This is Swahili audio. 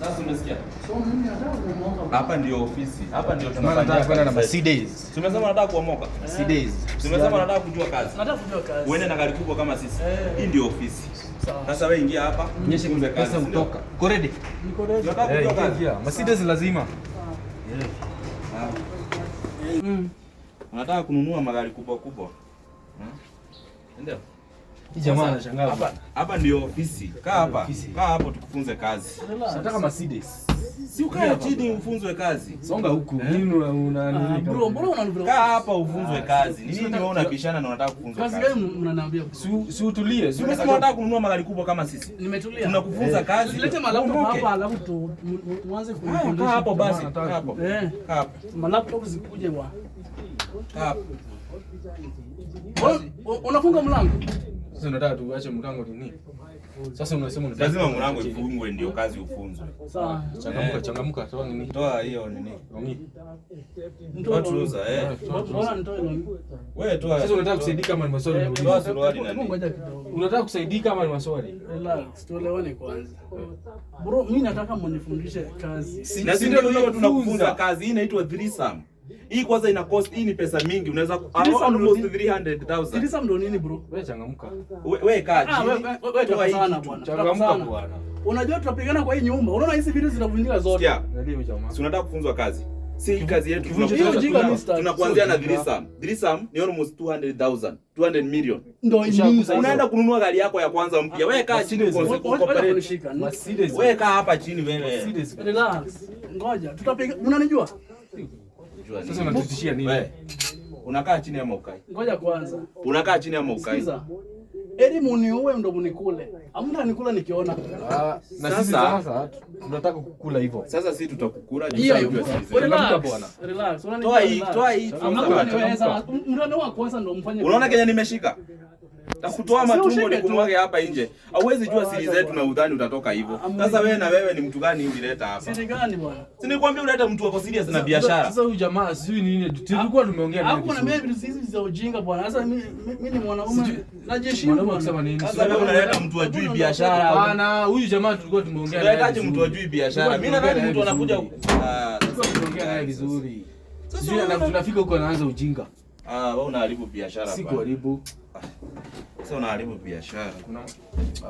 Sasa Hapa ndio ofisi. Hapa ndio tunafanya. kwenda na C Tumesema nataka kuomoka. C eh. Tumesema nataka kujua kazi. Nataka kujua kazi. Uende na gari kubwa kama sisi. Eh. Hii ndio ofisi. Sasa wewe ingia hapa, mm. nyeshe kule kazi. utoka. Uko ready? Niko ready. Nataka kujua eh, kazi. Mercedes lazima. Mm. Unataka kununua magari kubwa kubwa. Hmm? Ndio. Jamaa anashangaa. Hapa hapa ndio ofisi. Kaa hapa. Kaa hapo tukufunze kazi. Nataka Mercedes. Si ukae chini ufunzwe kazi. Songa huku. Eh? Nini una ah, nini? Bro, mbona una Kaa hapa ufunzwe ah, kazi. Nini wewe unabishana na unataka kufunzwa kazi? Kazi gani mnaniambia? Si si utulie. Si unasema unataka kununua magari kubwa kama sisi. Nimetulia. Tunakufunza eh. kazi. Tulete malaptop hapa alafu tu uanze ah, kuifundisha. Kaa hapo basi. Kaa hapo. Kaa hapo. Malaptop zikuje wa. Kaa hapo. Unafunga mlango sasa, unataka tuache mlango nini? Sasa unasema unataka lazima mlango ifungwe ndio kazi ufunzwe. Sawa, changamka, eh. changamuka, toa nini? Toa hiyo nini? Toa turuza eh. Wewe toa. Sasa unataka kusaidika kama ni maswali unauliza. Eh, toa suruali nani, Unataka kusaidika kama ni maswali. Relax, tuelewane kwanza. Bro, mimi nataka mnifundishe kazi. Na si ndio tunakufunza kazi, hii inaitwa threesome. Hii kwanza ina cost, hii ni pesa mingi, unaweza almost 300,000. Kilisa ndo nini bro? Wewe changamka. Wewe kaa ah, chini. Wewe toka sana bwana. Changamka bwana. Unajua tutapigana kwa hii nyumba. Unaona hizi video zinavunjika zote. Si unataka kufunzwa kazi. Si hii kazi yetu tunakuanzia na Dirisam. Dirisam ni almost 200,000, 200 million. Ndio unaenda kununua gari yako ya kwanza mpya. Wewe kaa ah, chini, wewe kaa hapa chini wewe. Relax. Ngoja, tutapiga. Unanijua? unajua nini? sasa unatutishia nini? Wewe unakaa chini ama ukai? Ngoja kwanza. Unakaa chini ama ukai? Sikiza. Elimu ni uwe ndo mnikule. Hamna nikula nikiona. Ah, na sisi sasa tunataka kukula hivyo. Sasa sisi tutakukula juu ya hiyo Relax Relax. Toa hii, toa hii. Hamna kuniweza. Mndano wako kwanza ndo mfanye. Unaona Kenya nimeshika? Takutoa matumbo ni kumwage hapa nje. Hauwezi jua siri zetu na udhani utatoka hivyo. Sasa wewe na wewe ni mtu gani ulileta hapa? Siri gani bwana? Si nikwambia uleta mtu wako serious na biashara. Sasa huyu jamaa sijui nini tulikuwa tumeongea naye. Hapo na mimi vitu hizi za ujinga bwana. Sasa mimi ni mwanaume na jeshi. bwana. akisema nini? Sasa wewe unaleta mtu ajui biashara. Bwana, huyu jamaa tulikuwa tumeongea naye. Unahitaji mtu ajui biashara? Mimi nadhani mtu anakuja sasa ah, tulikuwa naye vizuri. Sasa tunafika huko anaanza ujinga. Ah, wewe unaharibu biashara bwana. Sikuharibu. Ah. Sasa unaharibu biashara. Kuna ah.